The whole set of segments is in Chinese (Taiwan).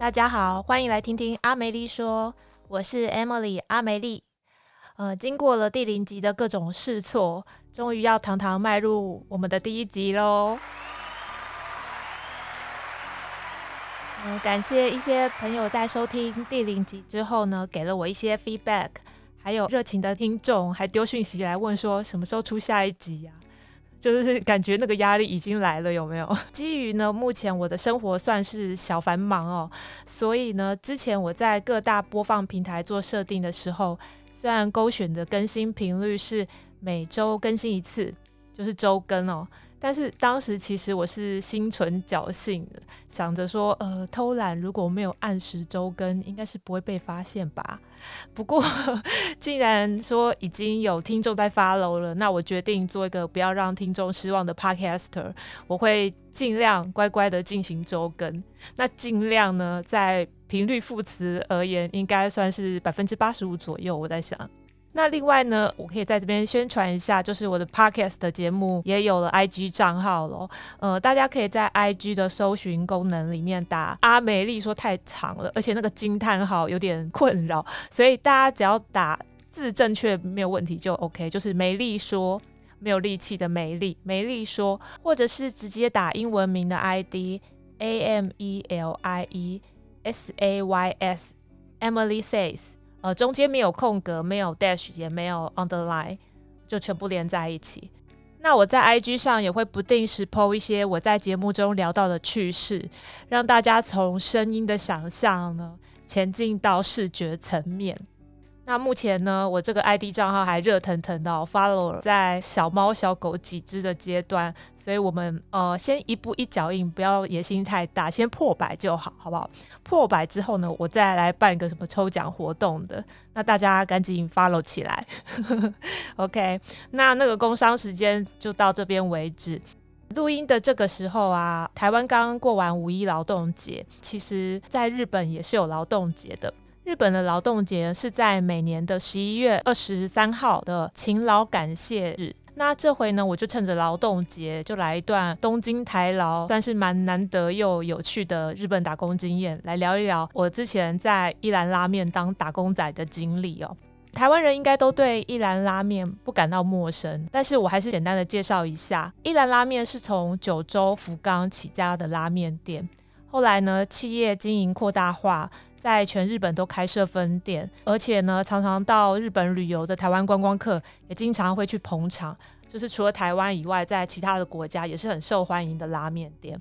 大家好，歡迎來聽聽阿梅莉說，我是 Emily 阿梅莉。呃，經過了第零集的各種試錯，終於要堂堂邁入我們的第一集嘍。嗯、呃，感謝一些朋友在收聽第零集之後呢，給了我一些 feedback，還有熱情的聽眾還丟訊息來問說什麼時候出下一集呀、啊？就是感覺那個壓力已經來了，有沒有？基於呢，目前我的生活算是小繁忙哦，所以呢，之前我在各大播放平台做設定的時候，雖然勾選的更新頻率是每周更新一次，就是周更哦。但是當時其實我是心存僥倖，想着說，呃，偷懶如果沒有按時周更，應該是不會被發現吧？不過，既然說已經有聽眾在 follow 了，那我決定做一個不要讓聽眾失望的 podcaster，我會儘量乖乖的進行周更。那儘量呢，在頻率副詞而言，應該算是百分之八十五左右，我在想。那另外呢，我可以在這邊宣傳一下，就是我的 podcast 的節目也有了 IG 賬號咯。呃，大家可以在 IG 的搜尋功能裡面打啊，“美麗說”太長了，而且那個驚嘆號有點困擾，所以大家只要打字正確沒有問題就 OK。就是“美麗說”沒有力氣的“美麗”，“美麗說”或者是直接打英文名的 ID A M E L I E S A Y S Emily Says。呃，中間沒有空格，沒有 dash，也沒有 underline，就全部連在一起。那我在 IG 上也會不定時 po 一些我在節目中聊到的趣事，讓大家從聲音的想象呢，前進到視覺層面。那目前呢，我這個 ID 賬號還熱騰騰的，我 follow 了，在小貓小狗幾隻的階段，所以我們呃先一步一腳印，不要野心太大，先破百就好，好不好？破百之後呢，我再來辦個什麼抽獎活動的，那大家趕緊 follow 起來。 OK，那那個工商時間就到這邊為止。錄音的這個時候啊，台灣剛過完五一勞動節，其實在日本也是有勞動節的。日本的勞動節是在每年的十一月二十三號的勤勞感謝日。那這回呢，我就趁着勞動節，就來一段東京台勞，算是蠻難得又有趣的日本打工經驗，來聊一聊我之前在一蘭拉麵當打工仔的經歷哦。台灣人應該都對一蘭拉麵不感到陌生，但是我還是簡單的介紹一下，一蘭拉麵是從九州福岡起家的拉麵店，後來呢，企業經營擴大化。在全日本都開設分店，而且呢，常常到日本旅遊的台灣觀光客也經常會去捧場。就是除了台灣以外，在其他的國家也是很受歡迎的拉麵店。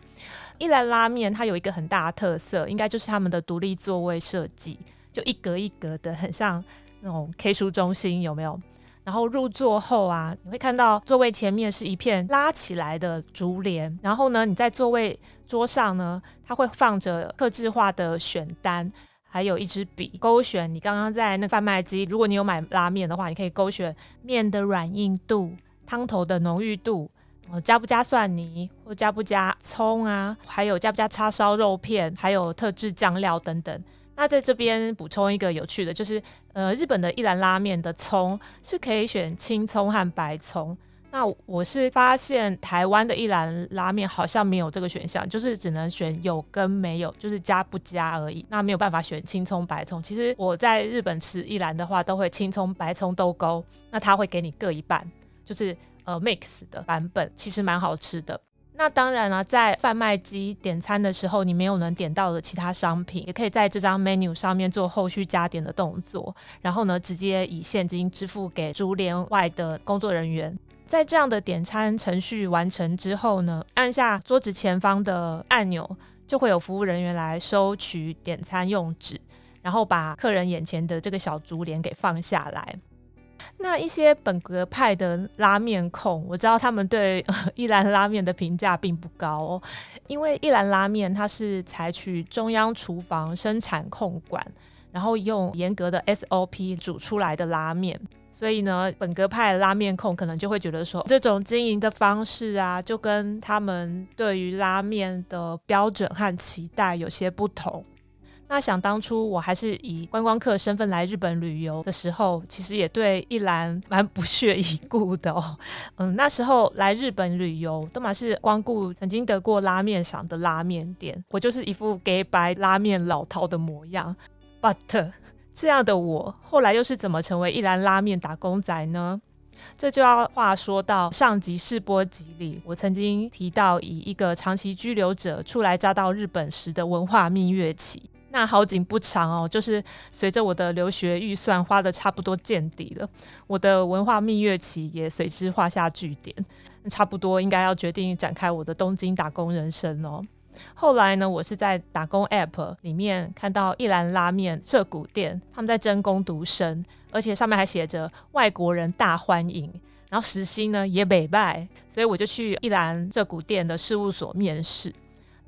一蘭拉麵它有一個很大的特色，應該就是他們的獨立座位設計，就一格一格的，很像那種 K 書中心，有沒有？然後入座後啊，你會看到座位前面是一片拉起來的竹簾，然後呢，你在座位桌上呢，它會放着客制化的選單。還有一支筆勾選，你剛剛在那個販賣機，如果你有買拉面的話，你可以勾選麵的軟硬度、湯頭的濃郁度，呃、加不加蒜泥或加不加蔥啊，還有加不加叉燒肉片，還有特制醬料等等。那在這邊補充一個有趣的，就是呃，日本的一蘭拉面的蔥是可以選青蔥和白蔥。那我是發現台灣的一蘭拉麵好像沒有這個選項，就是只能選有跟沒有，就是加不加而已。那沒有辦法選青蔥、白蔥。其實我在日本吃一蘭的話，都會青蔥、白蔥都勾。那它會給你各一半，就是呃 mix 的版本，其實蠻好吃的。那當然啦、啊，在販賣機點餐的時候，你沒有能點到的其他商品，也可以在這張 menu 上面做後續加點的動作，然後呢，直接以現金支付給竹簾外的工作人員。在這樣的點餐程序完成之後呢，按下桌子前方的按鈕，就會有服務人員來收取點餐用紙，然後把客人眼前的這個小竹簾給放下來。那一些本格派的拉麵控，我知道他們對一蘭拉麵的評價並不高哦，因為一蘭拉麵它是採取中央廚房生產控管，然後用嚴格的 SOP 煮出來的拉麵。所以呢，本格派拉麵控可能就會覺得說，這種經營的方式啊，就跟他們對於拉麵的標準和期待有些不同。那想當初，我還是以觀光客身份來日本旅遊的時候，其實也對一蘭蠻不屑一顧的哦。嗯，那時候來日本旅遊，都嘛是光顧曾經得過拉麵賞的拉麵店，我就是一副假掰拉麵老饕的模樣。But 這樣的我後來又是怎麼成為一蘭拉麵打工仔呢？這就要話說到上集試播集裡，我曾經提到以一個長期居留者初來乍到日本時的文化蜜月期。那好景不長哦，就是隨着我的留學預算花得差不多見底了，我的文化蜜月期也隨之畫下句點。差不多應該要決定展開我的東京打工人生哦。後來呢，我是在打工 App 裡面看到一蘭拉麵澀谷店他們在招工讀生，而且上面還寫着外國人大歡迎，然後時薪呢也美拜，所以我就去一蘭澀谷店的事務所面試。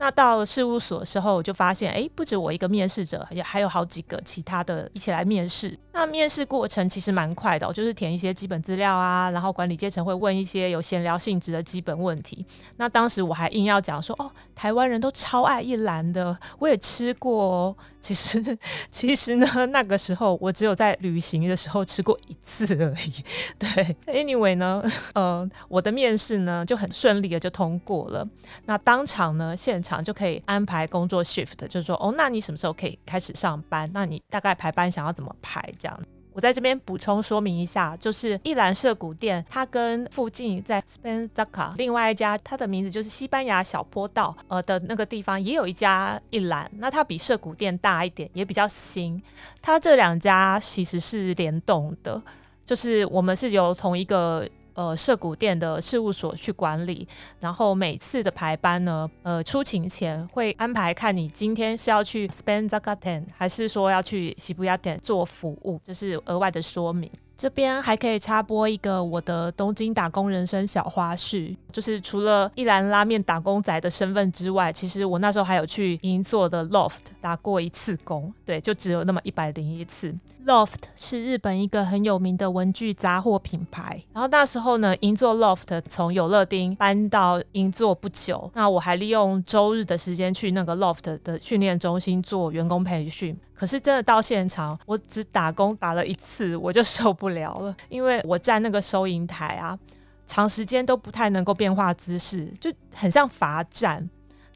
那到了事務所的時候，我就發現，哎、欸，不止我一個面試者，也還有好幾個其他的一起來面試。那面試過程其實蠻快的，喔，就是填一些基本資料啊，然後管理階層會問一些有閒聊性質的基本問題。那當時我還硬要講說，哦，喔，台灣人都超愛一蘭的，我也吃過哦，喔。其實，其實呢，那個時候我只有在旅行的時候吃過一次而已。對，Anyway 呢，嗯、呃，我的面試呢就很順利的就通過了。那當場呢，現場。就可以安排工作 shift，就是說，哦，那你什麼時候可以開始上班？那你大概排班想要怎麼排？這樣，我在這邊補充說明一下，就是一蘭涉谷店，它跟附近在 s p e n z a k a 另外一家，它的名字就是西班牙小坡道，呃的那個地方也有一家一蘭，那它比涉谷店大一點，也比較新。它這兩家其實是聯動的，就是我們是有同一個。呃，涉谷店的事務所去管理，然後每次的排班呢，呃，出勤前會安排看你今天是要去スペイン坂店，還是說要去涉谷店做服務，這是額外的說明。這邊還可以插播一個我的東京打工人生小花絮，就是除了一蘭拉麵打工仔的身份之外，其實我那時候還有去銀座的 LOFT 打過一次工，對，就只有那麼一百零一次。LOFT 是日本一個很有名的文具雜貨品牌，然後那時候呢，銀座 LOFT 從有樂町搬到銀座不久，那我還利用周日的時間去那個 LOFT 的訓練中心做員工培訓，可是真的到現場，我只打工打了一次，我就受不了。聊了，因為我站那個收銀台啊，長時間都不太能夠變化姿勢，就很像罰站。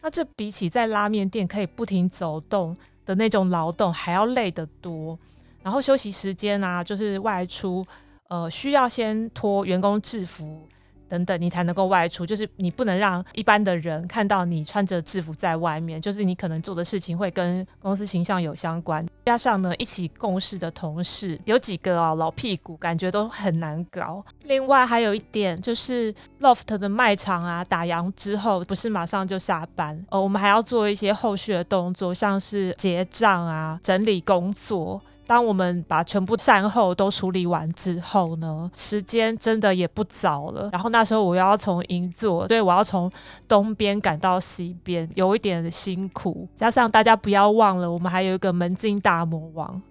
那這比起在拉麵店可以不停走動的那種勞動還要累得多。然後休息時間啊，就是外出，呃，需要先脫員工制服等等，你才能夠外出。就是你不能讓一般的人看到你穿着制服在外面，就是你可能做的事情會跟公司形象有相關。加上呢，一起共事的同事有幾個啊，老屁股，感覺都很難搞。另外還有一點就是，loft 的賣場啊，打烊之後不是馬上就下班，呃、哦，我們還要做一些後續的動作，像是結賬啊，整理工作。當我們把全部善後都處理完之後呢，時間真的也不早了。然後那時候我又要從銀座，所以我要從東邊趕到西邊，有一點辛苦。加上大家不要忘了，我們還有一個門禁大魔王。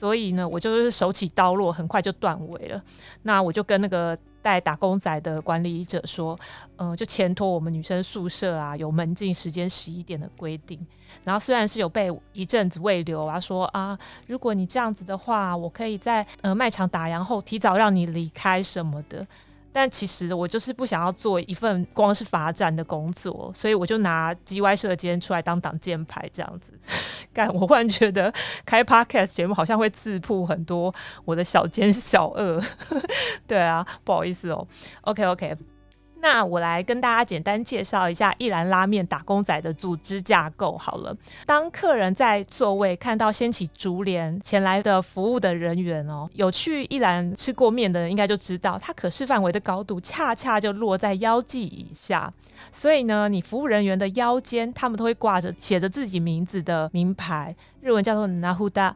所以呢，我就是手起刀落，很快就斷尾了。那我就跟那個帶打工仔的管理者說，嗯、呃，就前托我們女生宿舍啊，有門禁時間十一點的規定。然後雖然是有被一陣子慰留啊，說啊，如果你這樣子的話，我可以在呃賣場打烊後提早讓你離開什麼的。但其實我就是不想要做一份光是罰站的工作，所以我就拿 G Y 射奸出來當擋箭牌，這樣子。但 我忽然覺得開 Podcast 節目好像會自曝很多我的小奸小惡， 對啊，不好意思哦。OK OK。那我來跟大家簡單介紹一下一蘭拉麵打工仔的組織架構好了。當客人在座位看到掀起竹簾前來的服務的人員哦，有去一蘭吃過麵的人應該就知道，它，可視範圍的高度恰恰就落在腰際以下。所以呢，你服務人員的腰間，他們都會掛着寫着自己名字的名牌，日文叫做、ah “ナフダ”。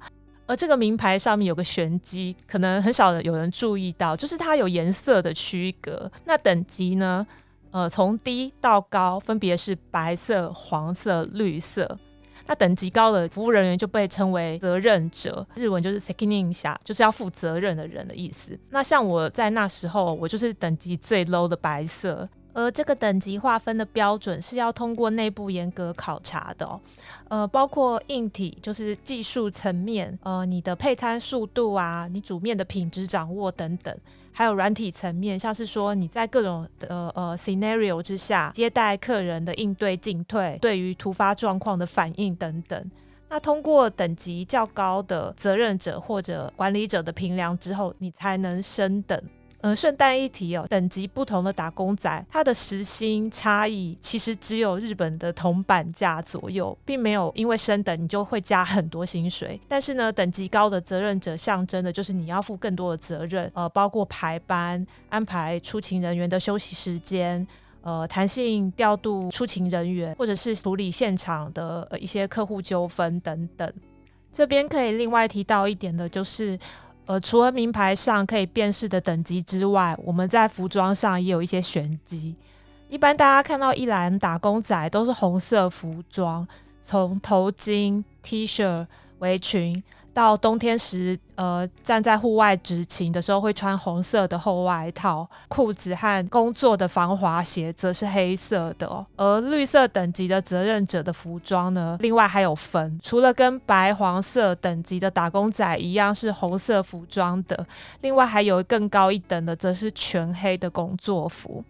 而這個名牌上面有個玄機，可能很少有人注意到，就是它有顏色的區隔。那等級呢？呃，從低到高分別是白色、黃色、綠色。那等級高的服務人員就被稱為責任者，日文就是 sekininsha，就是要負責任的人的意思。那像我在那時候，我就是等級最 low 的白色。而這個等級劃分的標準是要通過內部嚴格考察的，哦，呃，包括硬體，就是技術層面，呃，你的配餐速度啊，你煮麵的品質掌握等等，還有軟體層面，像是說你在各種的呃呃 scenario 之下接待客人的應對進退，對於突發狀況的反應等等。那通過等級較高的責任者或者管理者的評量之後，你才能升等。嗯，順帶、呃、一提哦，等級不同的打工仔，他的時薪差異其實只有日本的銅板價左右，並沒有因為升等你就會加很多薪水。但是呢，等級高的責任者象徵的就是你要負更多的責任，呃，包括排班、安排出勤人員的休息時間，呃，彈性調度出勤人員，或者是處理現場的、呃、一些客戶糾紛等等。這邊可以另外提到一點的就是。而除了名牌上可以辨識的等級之外，我們在服裝上也有一些玄機。一般大家看到一蘭打工仔都是紅色服裝，從頭巾、T 恤、圍裙。到冬天時，呃，站在戶外執勤的時候會穿紅色的厚外套、褲子和工作的防滑鞋，則是黑色的。而綠色等級的責任者的服裝呢，另外還有分，除了跟白、黃色等級的打工仔一樣是紅色服裝的，另外還有更高一等的，則是全黑的工作服。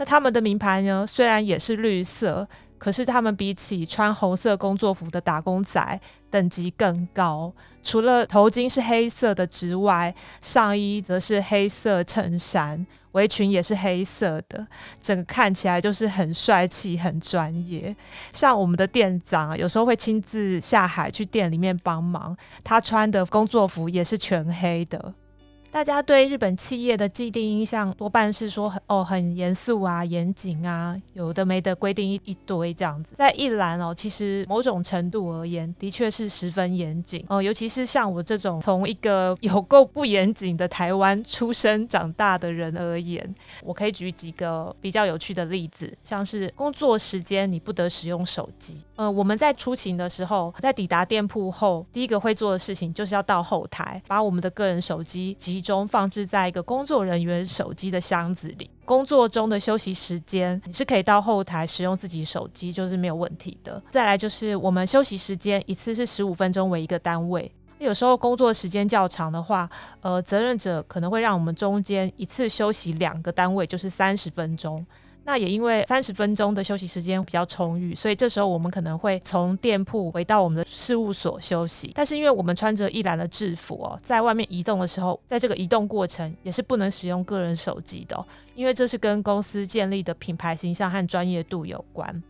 那他們的名牌呢？雖然也是綠色，可是他們比起穿紅色工作服的打工仔等級更高。除了頭巾是黑色的之外，上衣則是黑色襯衫，圍裙也是黑色的，整個看起來就是很帥氣、很專業。像我們的店長啊，有時候會親自下海去店裡面幫忙，他穿的工作服也是全黑的。大家對日本企業的既定印象多半是說很哦，很嚴肅啊嚴謹啊，有的沒的規定一一堆這樣子，在一蘭哦，其實某種程度而言的確是十分嚴謹哦，呃，尤其是像我這種從一個有夠不嚴謹的台灣出生長大的人而言，我可以舉幾個比較有趣的例子，像是工作時間你不得使用手機。呃，我們在出勤的時候，在抵達店鋪後，第一個會做的事情就是要到後台把我們的個人手機及中放置在一個工作人員手機的箱子裡。工作中的休息時間，你是可以到後台使用自己手機，就是沒有問題的。再來就是我們休息時間一次是十五分鐘為一個單位，有時候工作時間較長的話，呃，責任者可能會讓我們中間一次休息兩個單位，就是三十分鐘。那也因為三十分鐘的休息時間比較充裕，所以這時候我們可能會從店鋪回到我們的事務所休息。但是因為我們穿着一蘭的制服哦，在外面移動的時候，在這個移動過程也是不能使用個人手機的，因為這是跟公司建立的品牌形象和專業度有關。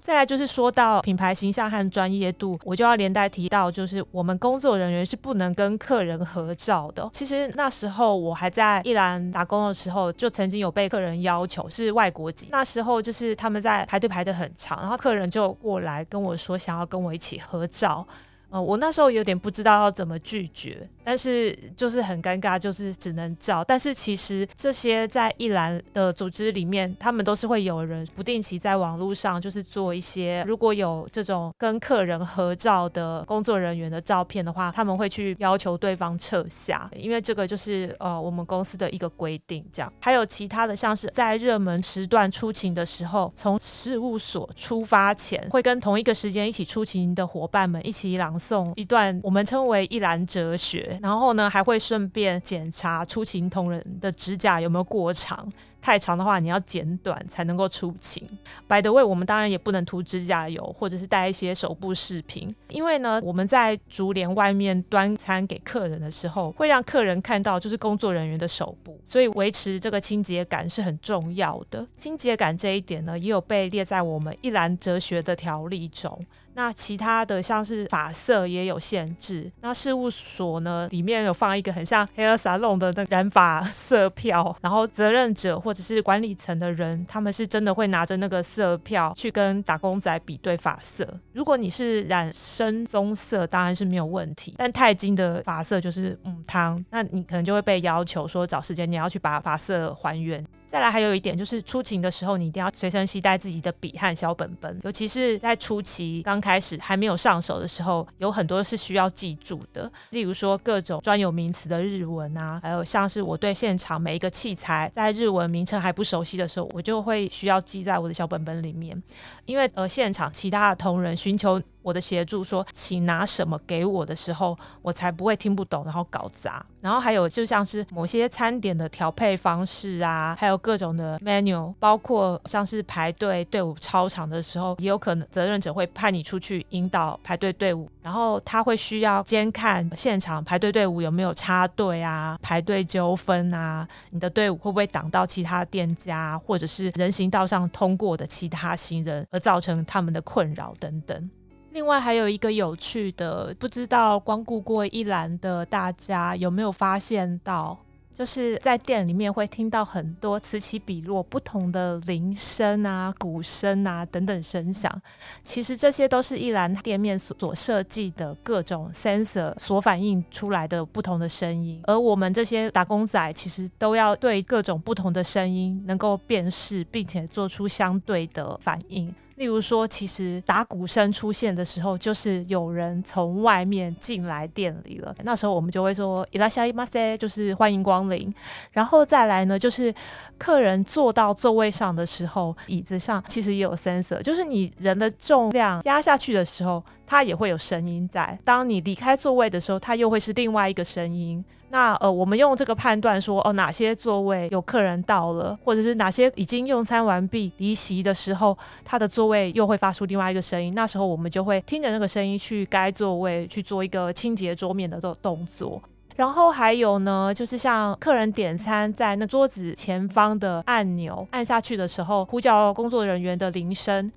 再來就是說到品牌形象和專業度，我就要連帶提到，就是我們工作人員是不能跟客人合照的。其實那時候我還在一蘭打工的時候，就曾經有被客人要求是外國籍。那時候就是他們在排隊排得很長，然後客人就過來跟我說想要跟我一起合照。呃，我那時候有點不知道要怎麼拒絕。但是就是很尷尬，就是只能照。但是其實這些在一蘭的組織裡面，他們都是會有人不定期在網絡上，就是做一些如果有這種跟客人合照的工作人員的照片的話，他們會去要求對方撤下，因為這個就是呃、哦、我們公司的一個規定。這樣還有其他的，像是在熱門時段出勤的時候，從事務所出發前，會跟同一個時間一起出勤的夥伴們一起朗誦一段我們稱為一蘭哲學。然後呢，還會順便檢查出勤同仁的指甲有沒有過長。太長的話，你要剪短才能夠出勤。w 的 y 我們當然也不能塗指甲油，或者是帶一些手部飾品，因為呢，我們在竹簾外面端餐給客人的時候，會讓客人看到就是工作人員的手部，所以維持這個清潔感是很重要的。清潔感這一點呢，也有被列在我們一欄哲學的條例中。那其他的像是髮色也有限制。那事務所呢，裡面有放一個很像黑 a 薩隆的那個染髮色票，然後責任者或或者是管理層的人，他們是真的會拿着那個色票去跟打工仔比對髮色。如果你是染深棕色，當然是沒有問題。但鈦金的髮色就是母湯，那你可能就會被要求說，找時間，你要去把髮色還原。再來還有一點就是出勤的時候，你一定要隨身攜帶自己的筆和小本本，尤其是在初期剛開始還沒有上手的時候，有很多是需要記住的，例如說各種專有名詞的日文啊，還有像是我對現場每一個器材在日文名稱還不熟悉的時候，我就會需要記在我的小本本裡面，因為呃現場其他的同仁尋求我的協助說，請拿什麼給我的時候，我才不會聽不懂，然後搞砸。然後還有就像是某些餐點的調配方式啊，還有各種的 menu，包括像是排隊隊伍超長的時候，也有可能責任者會派你出去引導排隊隊伍，然後他會需要監看現場排隊隊伍有沒有插隊啊、排隊糾紛啊，你的隊伍會不會擋到其他店家或者是人行道上通過的其他行人，而造成他們的困擾等等。另外還有一個有趣的，不知道光顧過一蘭的大家有沒有發現到，就是在店裡面會聽到很多此起彼落不同的鈴聲啊、鼓聲啊等等聲響。其實這些都是一蘭店面所設計的各種 sensor 所反映出來的不同的聲音，而我們這些打工仔其實都要對各種不同的聲音能夠辨識，並且做出相對的反應。例如說，其實打鼓聲出現的時候，就是有人從外面進來店裡了。那時候我們就會說いらっしゃいませ，就是歡迎光臨。然後再來呢，就是客人坐到座位上的時候，椅子上其實也有 sensor，就是你人的重量壓下去的時候。它也會有聲音在。當你離開座位的時候，它又會是另外一個聲音。那呃，我們用這個判斷說，哦，哪些座位有客人到了，或者是哪些已經用餐完畢離席的時候，他的座位又會發出另外一個聲音。那時候我們就會聽着那個聲音去該座位去做一個清潔桌面的動作。然後還有呢，就是像客人點餐在那桌子前方的按鈕按下去的時候，呼叫工作人員的鈴聲。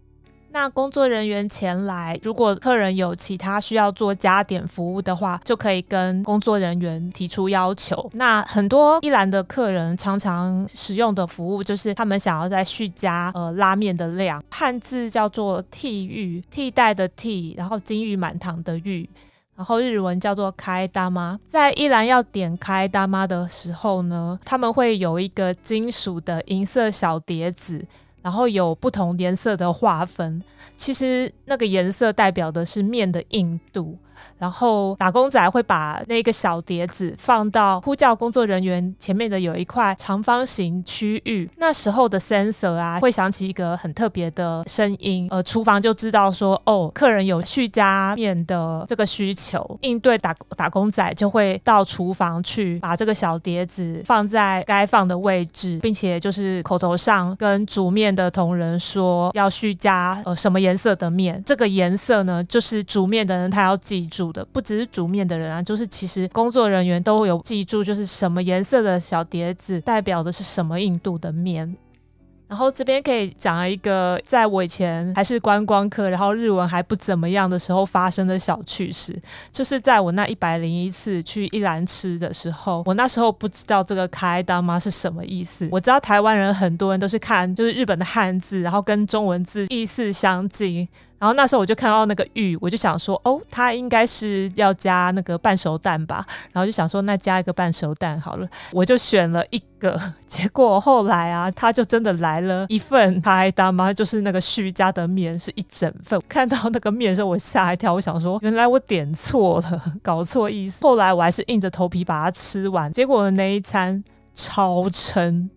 那工作人員前來，如果客人有其他需要做加點服務的話，就可以跟工作人員提出要求。那很多一蘭的客人常常使用的服務就是他們想要再續加呃拉麵的量，漢字叫做替玉替代的替，然後金玉滿堂的玉，然後日文叫做開大媽。在一蘭要點開大媽的時候呢，他們會有一個金屬的銀色小碟子。然後有不同顏色的劃分，其實那個顏色代表的是麵的硬度。然後打工仔會把那個小碟子放到呼叫工作人員前面的有一塊長方形區域。那時候的 sensor 啊，會響起一個很特別的聲音，呃，廚房就知道說，哦，客人有續加麵的這個需求。應對，打打工仔就會到廚房去，把這個小碟子放在該放的位置，並且就是口頭上跟煮麵的同仁說要續加呃什麼顏色的麵。這個顏色呢，就是煮麵的人他要記。記住的不只是煮麵的人啊，就是其實工作人員都有記住，就是什麼顏色的小碟子代表的是什麼硬度的麵。然後這邊可以講一個，在我以前還是觀光客，然後日文還不怎麼樣的時候發生的小趣事，就是在我那一百零一次去一蘭吃的時候，我那時候不知道這個開刀媽是什麼意思，我知道台灣人很多人都是看就是日本的漢字，然後跟中文字意思相近。然後那時候我就看到那個玉，我就想說，哦，他應該是要加那個半熟蛋吧？然後就想說，那加一個半熟蛋好了，我就選了一個。結果後來啊，他就真的來了，一份替玉，就是那個續加的麵是一整份。看到那個麵的時候，我嚇一跳，我想說，原來我點錯了，搞錯意思。後來我還是硬着頭皮把它吃完，結果那一餐超撐。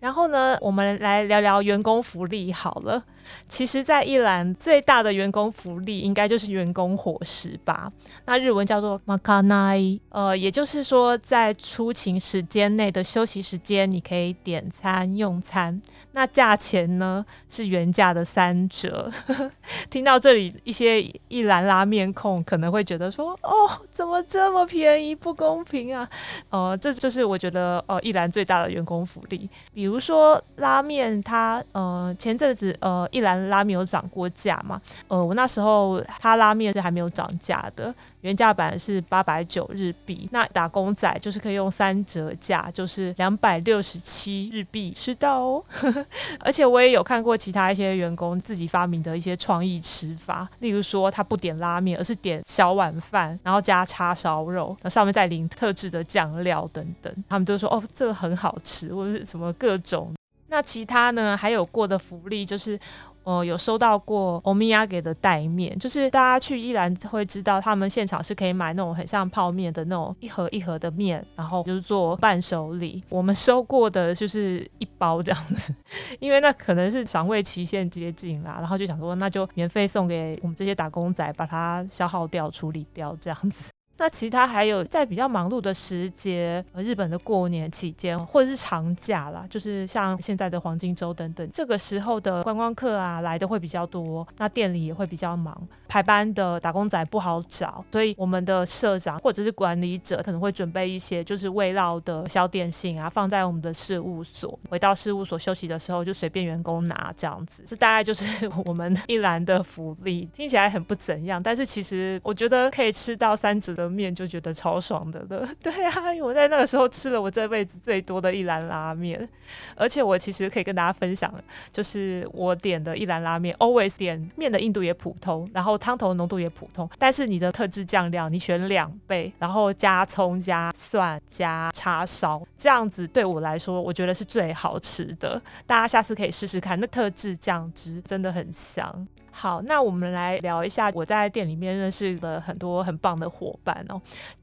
然後呢，我們來聊聊員工福利好了。其實，在一蘭最大的員工福利應該就是員工伙食吧。那日文叫做マカナイ，呃，也就是說在出勤時間內的休息時間，你可以點餐用餐。那價錢呢是原價的三折。 聽到這裡，一些一蘭拉麵控可能會覺得說：“哦，怎麼這麼便宜？不公平啊！”呃，這就是我覺得呃，一蘭最大的員工福利。比如說拉麵它，它呃前陣子呃。一蘭拉麵有漲過價嗎？呃，我那時候他拉麵是還沒有漲價的，原價版是八百九日幣。那打工仔就是可以用三折價，就是兩百六十七日幣吃到哦。 而且我也有看過其他一些員工自己發明的一些創意吃法，例如說他不點拉麵，而是點小碗飯，然後加叉燒肉，那上面再淋特制的醬料等等。他們都說哦，這個很好吃，或者是什麼各種的。那其他呢？還有過的福利就是，呃，有收到過歐米亞給的袋麵，就是大家去一蘭會知道，他們現場是可以買那種很像泡麵的那種一盒一盒的麵，然後就是做伴手禮。我們收過的就是一包這樣子，因為那可能是賞味期限接近啦，然後就想說那就免費送給我們這些打工仔，把它消耗掉、處理掉這樣子。那其他還有在比較忙碌的時節，日本的過年期間或者是長假啦，就是像現在的黃金周等等，這個時候的觀光客啊來的會比較多，那店裡也會比較忙，排班的打工仔不好找，所以我們的社長或者是管理者可能會準備一些就是慰勞的小點心啊，放在我們的事務所，回到事務所休息的時候就隨便員工拿這樣子，這大概就是我們一蘭的福利，聽起來很不怎樣，但是其實我覺得可以吃到三指的，麵就覺得超爽的了，對對啊！我在那個時候吃了我這輩子最多的一蘭拉麵，而且我其實可以跟大家分享，就是我點的一蘭拉麵，always 點麵的硬度也普通，然後湯頭濃度也普通，但是你的特製醬料你選兩倍，然後加蔥加，加蒜加叉燒，這樣子對我來說，我覺得是最好吃的。大家下次可以試試看，那特製醬汁真的很香。好，那我們來聊一下，我在店裡面認識了很多很棒的夥伴哦。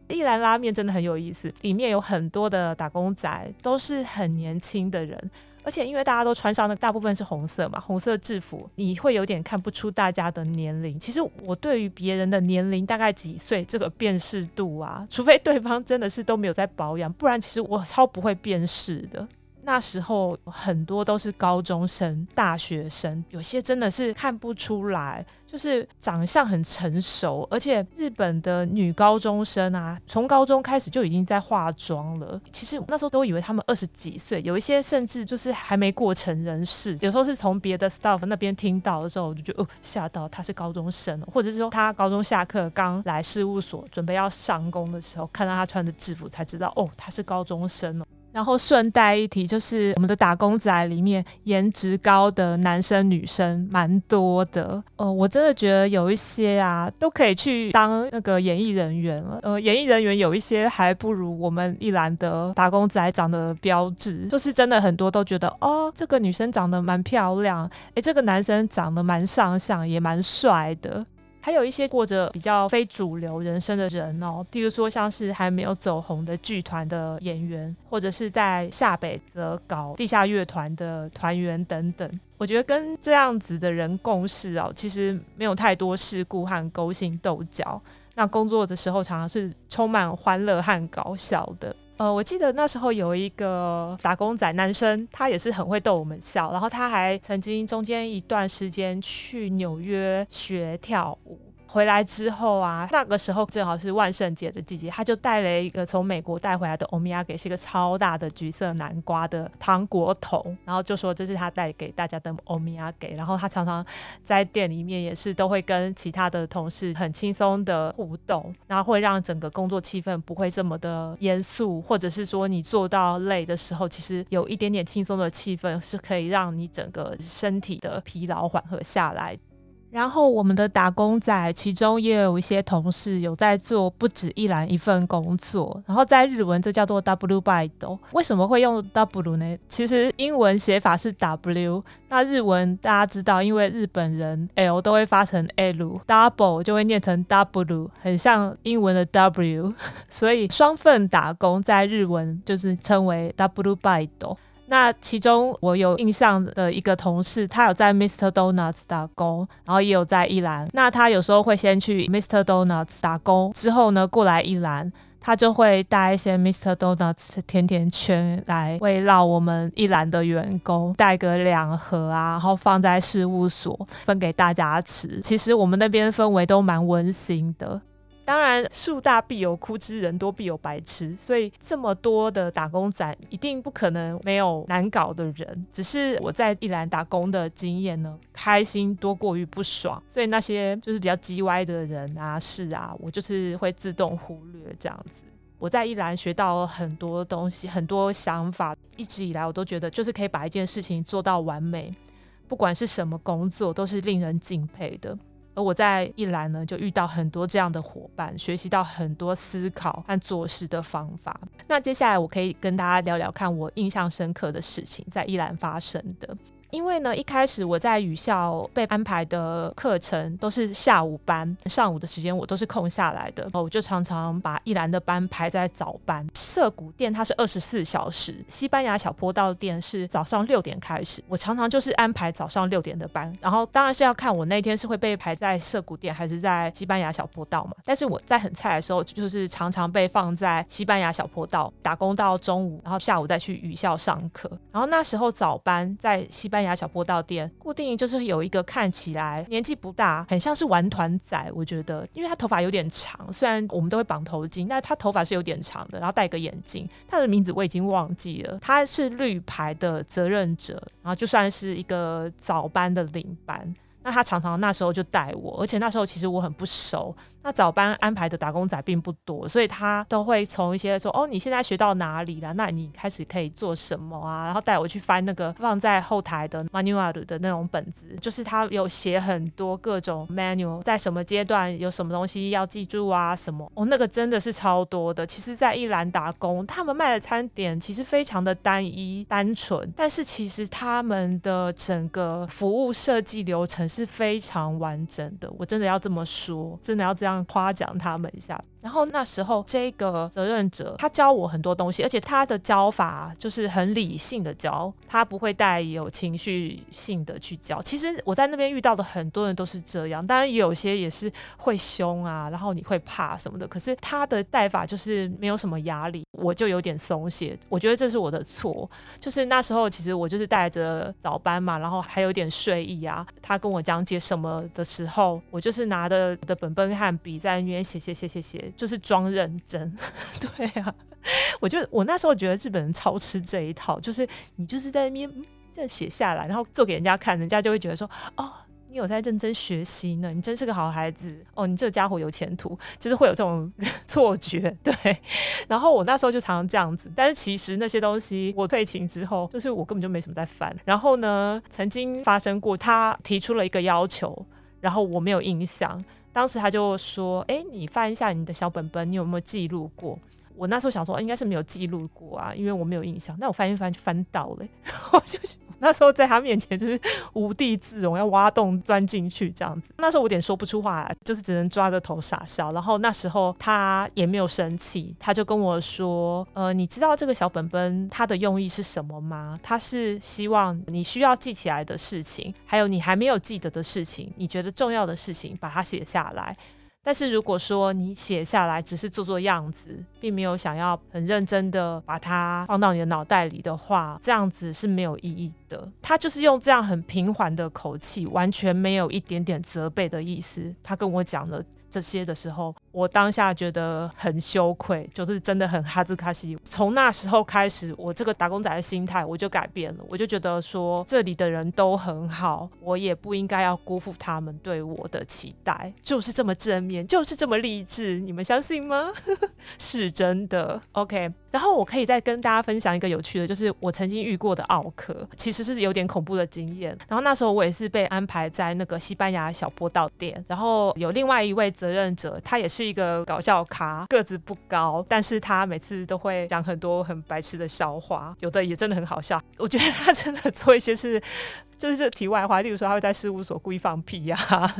一蘭拉麵真的很有意思，裡面有很多的打工仔，都是很年輕的人，而且因為大家都穿上的大部分是紅色嘛，紅色制服，你會有點看不出大家的年齡。其實我對於別人的年齡大概幾歲這個辨識度啊，除非對方真的是都沒有在保養，不然其實我超不會辨識的。那時候很多都是高中生、大學生，有些真的是看不出來，就是長相很成熟。而且日本的女高中生啊，從高中開始就已經在化妝了。其實那時候都以為他們二十幾歲，有一些甚至就是還沒過成人式。有時候是從別的 staff 那邊聽到的時候，我就覺得哦，嚇到，她是高中生哦。或者是說她高中下課剛來事務所，準備要上工的時候，看到她穿的制服才知道，哦，她是高中生哦。然後順帶一提，就是我們的打工仔裡面，顏值高的男生女生蠻多的。呃，我真的覺得有一些啊，都可以去當那個演藝人員了。呃，演藝人員有一些還不如我們一蘭的打工仔長得標緻，就是真的很多都覺得，哦，這個女生長得蠻漂亮，哎，這個男生長得蠻上相，也蠻帥的。還有一些過着比較非主流人生的人哦，比如說像是還沒有走紅的劇團的演員，或者是在下北澤搞地下樂團的團員等等。我覺得跟這樣子的人共事哦，其實沒有太多事故和勾心鬥角，那工作的時候常常是充滿歡樂和搞笑的。呃，我記得那時候有一個打工仔男生，他也是很會逗我們笑，然後他還曾經中間一段時間去紐約學跳舞。回來之後啊，那個時候正好是萬聖節的季節，他就帶了一個從美國帶回來的歐米亞給，是一個超大的橘色南瓜的糖果桶，然後就說這是他帶給大家的歐米亞給。然後他常常在店裡面也是都會跟其他的同事很輕鬆的互動，然後會讓整個工作氣氛不會這麼的嚴肅，或者是說你做到累的時候，其實有一點點輕鬆的氣氛是可以讓你整個身體的疲勞緩和下來。然後我們的打工仔，其中也有一些同事有在做不止一蘭一份工作。然後在日文，這叫做 double baito。為什麼會用 W 呢？其實英文寫法是 w，那日文大家知道，因為日本人 l 都會發成 l，double 就會念成 w，很像英文的 w，所以雙份打工在日文就是稱為 double baito。那其中我有印象的一個同事，他有在 Mister Donut 打工，然後也有在一蘭。那他有時候會先去 Mister Donut 打工，之後呢，過來一蘭，他就會帶一些 Mister Donut 甜甜圈來慰勞我們一蘭的員工，帶個兩盒啊，然後放在事務所分給大家吃。其實我們那邊氛圍都蠻溫馨的。當然，樹大必有枯枝，人多必有白痴。所以，這麼多的打工仔，一定不可能沒有難搞的人。只是我在一蘭打工的經驗呢，開心多過於不爽。所以那些就是比較雞歪的人啊、事啊，我就是會自動忽略這樣子。我在一蘭學到很多東西，很多想法。一直以來，我都覺得就是可以把一件事情做到完美，不管是什麼工作，都是令人敬佩的。而我在一蘭呢，就遇到很多這樣的夥伴，學習到很多思考和做事的方法。那接下來，我可以跟大家聊聊看我印象深刻的事情，在一蘭發生的。因為呢，一開始我在語校被安排的課程都是下午班，上午的時間我都是空下來的，我就常常把一蘭的班排在早班。澀谷店它是二十四小時，西班牙小坡道店是早上六點開始，我常常就是安排早上六點的班，然後當然是要看我那天是會被排在澀谷店還是在西班牙小坡道嘛。但是我在很菜的時候，就是常常被放在西班牙小坡道打工到中午，然後下午再去語校上課。然後那時候早班在西班。家小波到店固定就是有一個看起來年紀不大，很像是玩團仔。我覺得，因為他頭髮有點長，雖然我們都會綁頭巾，但他頭髮是有點長的。然後戴個眼鏡，他的名字我已經忘記了。他是綠牌的責任者，然後就算是一個早班的領班。那他常常那時候就帶我，而且那時候其實我很不熟。那早班安排的打工仔並不多，所以他都會從一些說哦，你現在學到哪裡了？那你開始可以做什麼啊？然後帶我去翻那個放在後台的 manual 的那種本子，就是他有寫很多各種 manual，在什麼階段有什麼東西要記住啊？什麼哦，那個真的是超多的。其實，在一蘭打工，他們賣的餐點其實非常的單一單純，但是其實他們的整個服務設計流程是非常完整的。我真的要這麼說，真的要這樣誇獎他們一下。然後那時候這個責任者他教我很多東西，而且他的教法就是很理性的教，他不會帶有情緒性的去教。其實我在那邊遇到的很多人都是這樣，當然有些也是會兇啊，然後你會怕什麼的。可是他的帶法就是沒有什麼壓力，我就有點鬆懈。我覺得這是我的錯，就是那時候其實我就是帶着早班嘛，然後還有點睡意啊。他跟我講解什麼的時候，我就是拿着我的本本和筆在那邊寫寫寫寫寫。就是裝認真，對啊，我就我那時候覺得日本人超吃這一套，就是你就是在那邊這樣寫下來，然後做給人家看，人家就會覺得說，哦，你有在認真學習呢，你真是個好孩子，哦，你這傢伙有前途，就是會有這種錯覺，對。然後我那時候就常常這樣子，但是其實那些東西我退勤之後，就是我根本就沒什麼在翻。然後呢，曾經發生過他提出了一個要求，然後我沒有印象。當時他就說：“哎、欸，你翻一下你的小本本，你有沒有記錄過？”我那時候想說，應該是沒有記錄過啊，因為我沒有印象。那我翻一翻就翻到了，我 就那時候在他面前就是無地自容，要挖洞鑽進去這樣子。那時候我有點說不出話來啊，就是只能抓着頭傻笑。然後那時候他也沒有生氣，他就跟我說：“呃，你知道這個小本本它的用意是什麼嗎？他是希望你需要記起來的事情，還有你還沒有記得的事情，你覺得重要的事情，把它寫下來。”但是如果說你寫下來只是做做樣子，並沒有想要很認真的把它放到你的腦袋裡的話，這樣子是沒有意義。的，他就是用這樣很平緩的口氣，完全沒有一點點責備的意思。他跟我講了這些的時候，我當下覺得很羞愧，就是真的很哈茲卡西。從那時候開始，我這個打工仔的心態我就改變了，我就覺得說這裡的人都很好，我也不應該要辜負他們對我的期待。就是這麼正面，就是這麼勵志，你們相信嗎？ 是真的。OK。然後我可以再跟大家分享一個有趣的，就是我曾經遇過的奧克，其實是有點恐怖的經驗。然後那時候我也是被安排在那個西班牙小波道店，然後有另外一位責任者，他也是一個搞笑咖，個子不高，但是他每次都會講很多很白痴的笑話，有的也真的很好笑。我覺得他真的做一些事。就是這題外話，例如說他會在事務所故意放屁呀，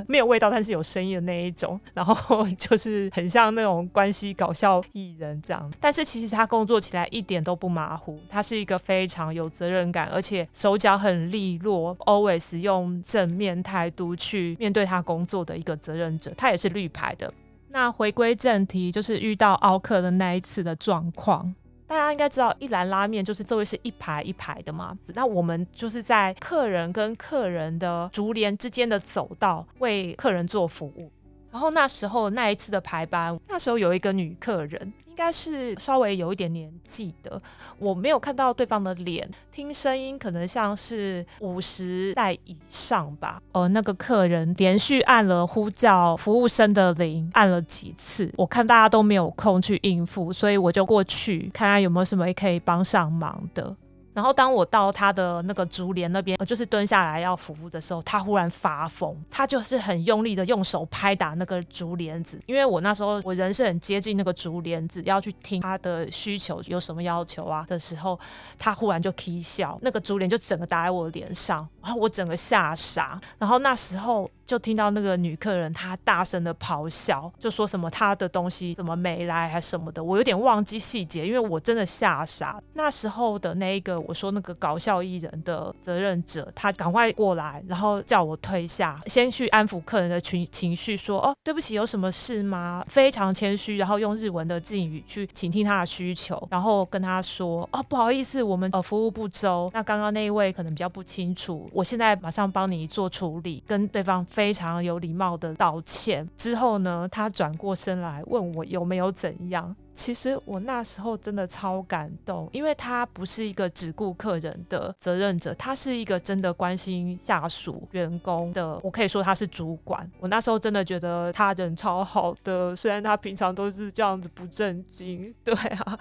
沒有味道，但是有聲音的那一種，然後就是很像那種關係搞笑藝人這樣。但是其實他工作起來一點都不馬虎，他是一個非常有責任感，而且手腳很利落，Always 用正面態度去面對他工作的一個責任者。他也是綠牌的。那回歸正題，就是遇到奧克的那一次的狀況。大家應該知道，一蘭拉麵就是座位是一排一排的嘛。那我們就是在客人跟客人的竹簾之間的走道，為客人做服務。然後那時候那一次的排班，那時候有一個女客人，應該是稍微有一點年紀的，我沒有看到對方的臉，聽聲音，可能像是五十代以上吧。而那個客人連續按了呼叫服務生的鈴，按了幾次，我看大家都沒有空去應付，所以我就過去看看有沒有什麼可以幫上忙的。然後當我到他的那個竹簾那邊，就是蹲下來要服務的時候，他忽然發瘋，他就是很用力的用手拍打那個竹簾子。因為我那時候我人是很接近那個竹簾子，要去聽他的需求有什麼要求啊的時候，他忽然就起肖，那個竹簾就整個打在我臉上，然後我整個嚇傻，然後那時候。就聽到那個女客人她，大聲的咆哮，就說什麼她的東西怎麼沒來還什麼的，我有點忘記細節，因為我真的嚇傻。那時候的那一個我說那個搞笑藝人的責任者，他趕快過來，然後叫我推下，先去安撫客人的情情緒，說哦對不起，有什麼事嗎？非常謙虛，然後用日文的敬語去傾聽他的需求，然後跟他說哦不好意思，我們呃服務不周，那剛剛那一位可能比較不清楚，我現在馬上幫你做處理，跟對方。非常有禮貌的道歉之後呢，他轉過身來問我有沒有怎樣。其實我那時候真的超感動，因為他不是一個只顧客人的責任者，他是一個真的關心下屬員工的。我可以說他是主管。我那時候真的覺得他人超好的，雖然他平常都是這樣子不正經。對啊。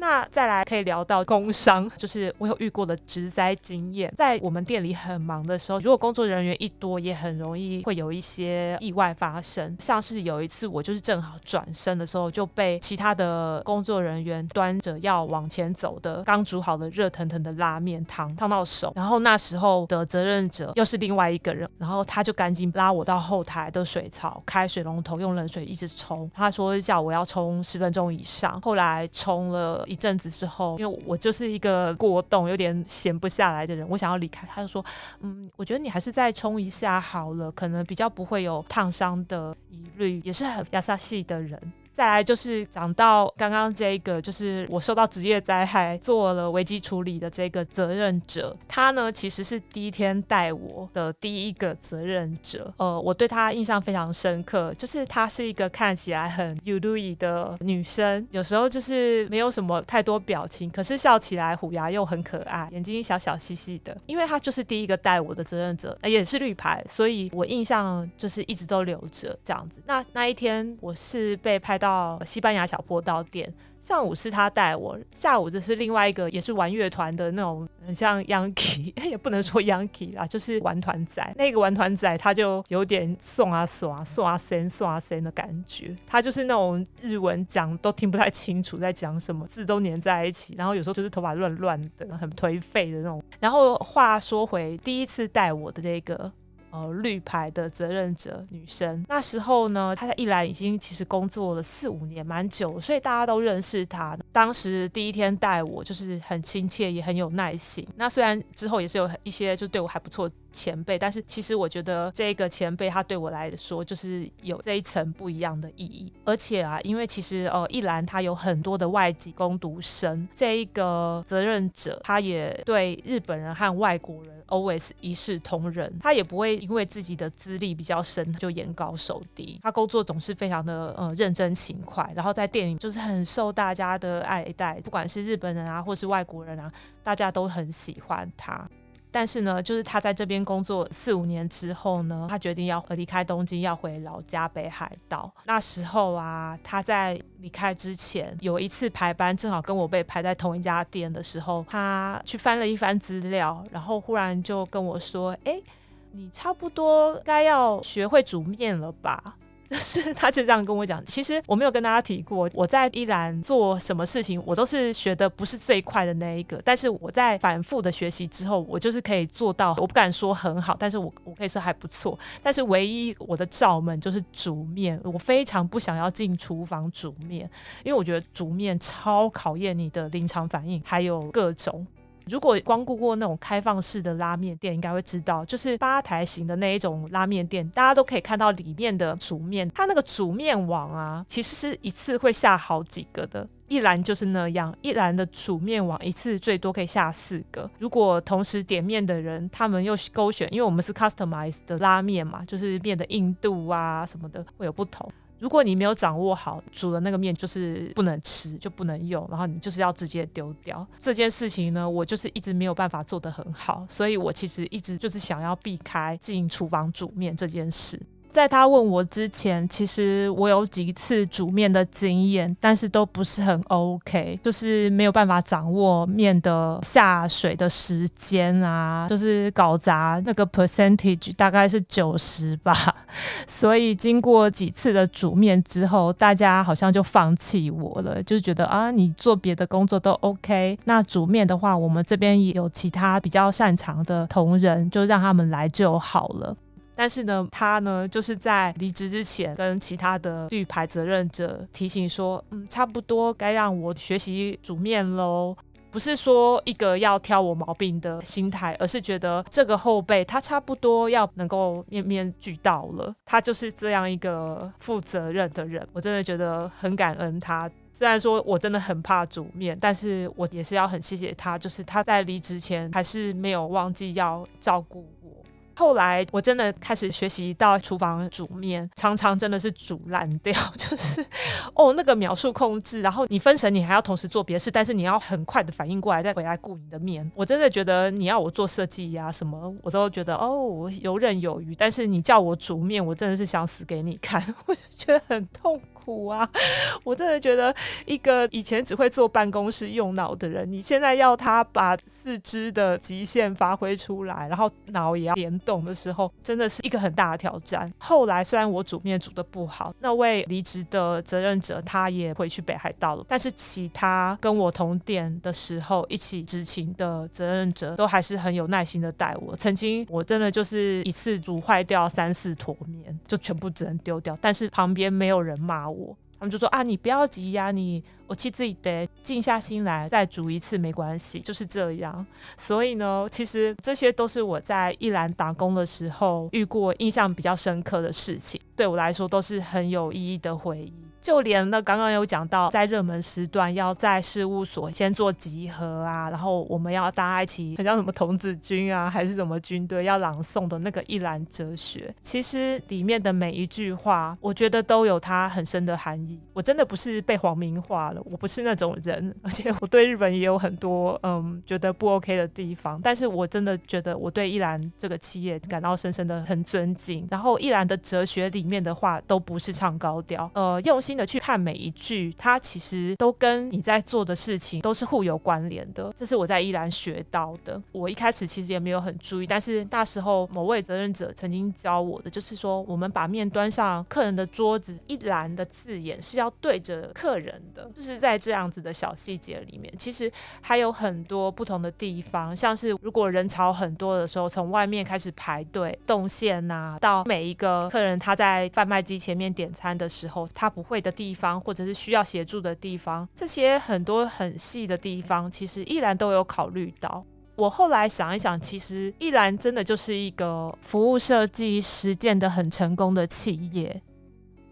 那再來可以聊到工傷， 就是我有遇過的職災經驗。在我們店裡很忙的時候，如果工作人員一多，也很容易會有一些意外發生。像是有一次，我就是正好轉身的時候，就被其他的工作人員端着要往前走的剛煮好的熱騰騰的拉麵湯燙到手。然後那時候的責任者又是另外一個人，然後他就趕緊拉我到後台的水槽，開水龍頭用冷水一直沖。他說叫我要沖十分鐘以上。後來沖了。一陣子之後，因為我就是一個過動、有點閒不下來的人，我想要離開，他就說：“嗯，我覺得你還是再沖一下好了，可能比較不會有燙傷的疑慮，也是很亞薩系的人。”再來就是講到剛剛這個，就是我受到職業災害做了危機處理的這個責任者，他呢其實是第一天帶我的第一個責任者，呃，我對他印象非常深刻，就是他是一個看起來很ゆるい的女生，有時候就是沒有什麼太多表情，可是笑起來虎牙又很可愛，眼睛小小細細的，因為他就是第一個帶我的責任者，呃，也是綠牌，所以我印象就是一直都留着這樣子。那那一天我是被派。到西班牙小坡道店，上午是他帶我，下午就是另外一個也是玩樂團的那種，很像 Yankee，也不能說 Yankee 啦，就是玩團仔。那個玩團仔他就有點送啊送啊送啊森送啊森的感覺，他就是那種日文講都聽不太清楚，在講什麼，字都粘在一起，然後有時候就是頭髮亂亂的，很頹廢的那種。然後話說回第一次帶我的那個。呃，綠牌的責任者女生，那時候呢，她在一蘭已經其實工作了四五年，蠻久，所以大家都認識她。當時第一天帶我，就是很親切，也很有耐心。那雖然之後也是有一些，就對我還不錯。前輩，但是其實我覺得這個前輩他對我來說就是有這一層不一樣的意義。而且啊，因為其實呃，一蘭他有很多的外籍工讀生，這一個責任者他也對日本人和外國人 always 一視同仁，他也不會因為自己的資歷比較深就眼高手低，他工作總是非常的呃認真勤快，然後在店裡就是很受大家的愛戴，不管是日本人啊或是外國人啊，大家都很喜歡他。但是呢，就是他在這邊工作四五年之後呢，他決定要回離開東京，要回老家北海道。那時候啊，他在離開之前有一次排班，正好跟我被排在同一家店的時候，他去翻了一番資料，然後忽然就跟我說：“欸，你差不多該要學會煮面了吧？”就是他就這樣跟我講，其實我沒有跟大家提過，我在一蘭做什麼事情，我都是學的不是最快的那一個，但是我在反覆的學習之後，我就是可以做到，我不敢說很好，但是我我可以說還不錯。但是唯一我的罩門就是煮麵，我非常不想要進廚房煮麵，因為我覺得煮麵超考驗你的臨場反應，還有各種。如果光顧過那種開放式的拉麵店，應該會知道，就是吧台型的那一種拉麵店，大家都可以看到裡面的煮麵，它那個煮麵網啊，其實是一次會下好幾個的，一籃就是那樣，一籃的煮麵網一次最多可以下四個。如果同時點麵的人，他們又勾選，因為我們是 customized 的拉麵嘛，就是麵的硬度啊什麼的會有不同。如果你沒有掌握好煮的那個麵，就是不能吃，就不能用，然後你就是要直接丟掉。這件事情呢，我就是一直沒有辦法做得很好，所以我其實一直就是想要避開進廚房煮麵這件事。在他問我之前，其實我有幾次煮麵的經驗，但是都不是很 OK，就是沒有辦法掌握麵的下水的時間啊，就是搞砸那個 percentage 大概是九十吧。 所以經過幾次的煮麵之後，大家好像就放棄我了，就覺得啊，你做別的工作都 OK，那煮麵的話，我們這邊也有其他比較擅長的同仁，就讓他們來就好了。但是呢，他呢，就是在離職之前跟其他的綠牌責任者提醒說，嗯，差不多該讓我學習煮麵嘍。不是說一個要挑我毛病的心態，而是覺得這個後輩他差不多要能夠面面俱到了。他就是這樣一個負責任的人，我真的覺得很感恩他。雖然說我真的很怕煮麵，但是我也是要很謝謝他，就是他在離職前還是沒有忘記要照顧。後來我真的開始學習到廚房煮麵，常常真的是煮爛掉，就是哦那個秒數控制，然後你分神，你還要同時做別事，但是你要很快的反應過來再回來顧你的麵。我真的覺得你要我做設計呀、啊、什麼，我都覺得哦我游刃有餘，但是你叫我煮麵，我真的是想死給你看，我就覺得很痛。啊，我真的覺得一個以前只會坐辦公室用腦的人，你現在要他把四肢的極限發揮出來，然後腦也要聯動的時候，真的是一個很大的挑戰。後來雖然我煮面煮的不好，那位離職的責任者他也回去北海道了，但是其他跟我同店的時候一起執勤的責任者，都還是很有耐心的帶我。曾經我真的就是一次煮壞掉三四坨面，就全部只能丟掉，但是旁邊沒有人罵我。他們就說啊，你不要急呀，你我氣自己得靜下心來，再煮一次沒關係，就是這樣。所以呢，其實這些都是我在一蘭打工的時候遇過、印象比較深刻的事情，對我來說都是很有意義的回憶。就連那剛剛有講到，在熱門時段要在事務所先做集合啊，然後我們要大家一起，很像什麼童子軍啊，還是什麼軍隊，要朗誦的那個一蘭哲學。其實裡面的每一句話，我覺得都有它很深的含義。我真的不是被皇民化了，我不是那種人，而且我對日本也有很多嗯覺得不 OK 的地方。但是我真的覺得我對一蘭這個企業感到深深的很尊敬。然後一蘭的哲學裡面的話，都不是唱高調，呃，用心。新的去看每一句，它其實都跟你在做的事情都是互有關聯的。這是我在一蘭學到的。我一開始其實也沒有很注意，但是那時候某位責任者曾經教我的，就是說我們把麵端上客人的桌子，一蘭的字眼是要對着客人的，就是在這樣子的小細節裡面，其實還有很多不同的地方，像是如果人潮很多的時候，從外面開始排隊動線啊，到每一個客人他在販賣機前面點餐的時候，他不會。的地方，或者是需要協助的地方，這些很多很細的地方，其實一蘭都有考慮到。我後來想一想，其實一蘭真的就是一個服務設計實踐得很成功的企業。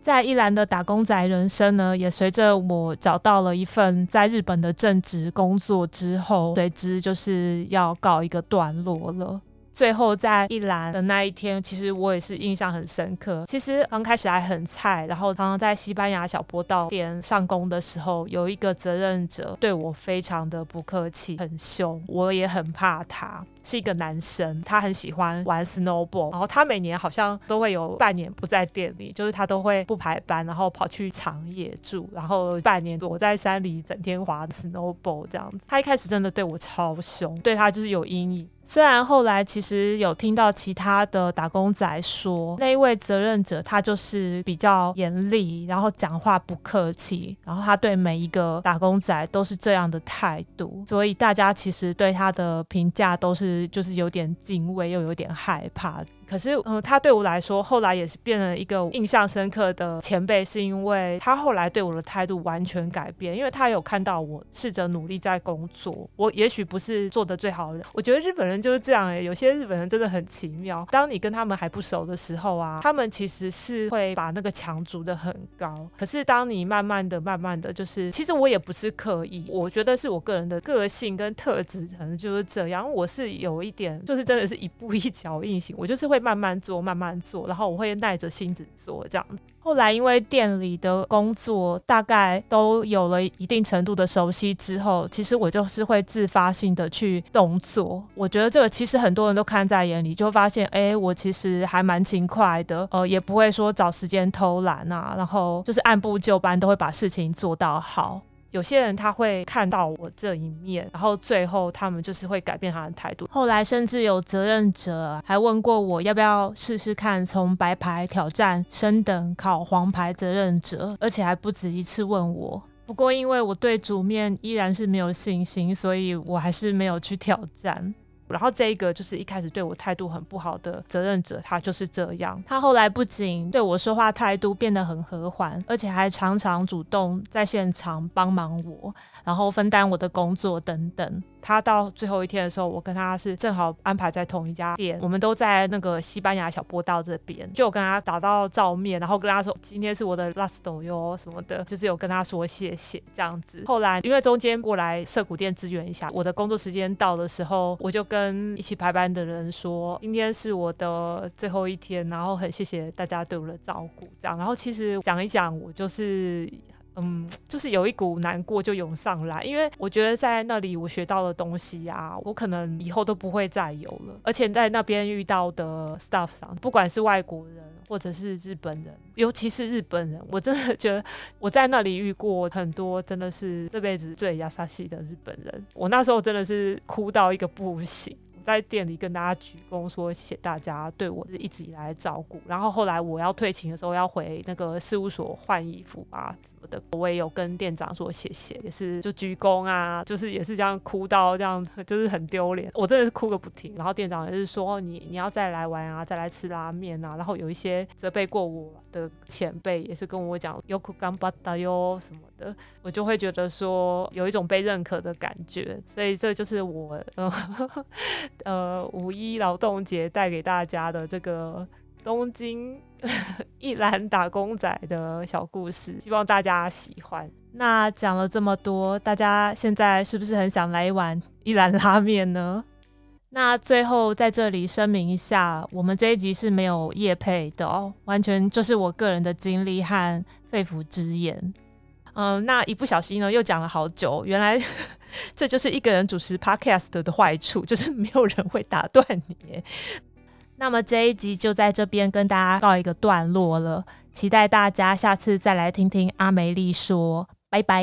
在一蘭的打工仔人生呢，也隨着我找到了一份在日本的正職工作之後，隨之就是要告一個段落了。最後在一蘭的那一天，其實我也是印象很深刻。其實剛開始還很菜，然後剛剛在西班牙小波道店上工的時候，有一個責任者對我非常的不客氣，很凶，我也很怕他。是一個男生，他很喜歡玩 snowball，然後他每年好像都會有半年不在店裡，就是他都會不排班，然後跑去長野住，然後半年躲在山裡整天滑 snowball 這樣子。他一開始真的對我超凶，對他就是有陰影。雖然後來其實有聽到其他的打工仔說，那一位責任者他就是比較嚴厲，然後講話不客氣，然後他對每一個打工仔都是這樣的態度，所以大家其實對他的評價都是。就是有點敬畏，又有點害怕。可是，嗯，他對我來說，後來也是變了一個印象深刻的前輩，是因為他後來對我的態度完全改變，因為他有看到我試着努力在工作。我也許不是做的最好的人，我覺得日本人就是這樣，欸，有些日本人真的很奇妙。當你跟他們還不熟的時候啊，他們其實是會把那個牆築的很高。可是當你慢慢的、慢慢的，就是其實我也不是刻意，我覺得是我個人的個性跟特質，可能就是這樣。我是有一點，就是真的是一步一腳印型，我就是會。慢慢做，慢慢做，然後我會耐着性子做這樣。後來因為店裡的工作大概都有了一定程度的熟悉之後，其實我就是會自發性的去動作。我覺得這個其實很多人都看在眼裡，就發現，哎，我其實還蠻勤快的，呃，也不會說找時間偷懶啊，然後就是按部就班都會把事情做到好。有些人他會看到我這一面，然後最後他們就是會改變他的態度。後來甚至有責任者還問過我要不要試試看從白牌挑戰升等考黃牌責任者，而且還不止一次問我。不過因為我對煮麵依然是沒有信心，所以我還是沒有去挑戰。然後這一個就是一開始對我態度很不好的責任者，他就是這樣。他後來不僅對我說話態度變得很和緩，而且還常常主動在現場幫忙我，然後分擔我的工作等等。他到最後一天的時候，我跟他是正好安排在同一家店，我們都在那個西班牙小波道這邊，就跟他打到照面，然後跟他說今天是我的 last day 喲什麼的，就是有跟他說謝謝這樣子。後來因為中間過來澀谷店支援一下，我的工作時間到的時候，我就跟一起排班的人說今天是我的最後一天，然後很謝謝大家對我的照顧，這樣。然後其實講一講，我就是。嗯，就是有一股難過就湧上來，因為我覺得在那裡我學到的東西啊，我可能以後都不會再有了。而且在那邊遇到的 staff 上，不管是外國人或者是日本人，尤其是日本人，我真的覺得我在那裡遇過很多真的是這輩子最亞薩西的日本人。我那時候真的是哭到一個不行，在店裡跟大家鞠躬說謝謝大家對我一直以來照顧。然後後來我要退勤的時候，要回那個事務所換衣服啊。什麼的，我也有跟店長說謝謝，也是就鞠躬啊，就是也是這樣哭到這樣，就是很丟臉，我真的是哭個不停。然後店長也是說你你要再來玩啊，再來吃拉麵啊。然後有一些責備過我的前輩，也是跟我講 “yoku 干巴達喲”什麼的，我就會覺得說有一種被認可的感覺。所以這就是我、嗯、 呃五一勞動節帶給大家的這個。東京一蘭打工仔的小故事，希望大家喜歡。那講了這麼多，大家現在是不是很想來一碗一蘭拉麵呢？ 那最後在這裡聲明一下，我們這一集是沒有業配的哦，完全就是我個人的經歷和肺腑之言。嗯、呃，那一不小心呢，又講了好久。原來呵呵這就是一個人主持 podcast 的壞處，就是沒有人會打斷你。那麼這一集就在這邊跟大家告一個段落了，期待大家下次再來聽聽阿梅麗說，拜拜。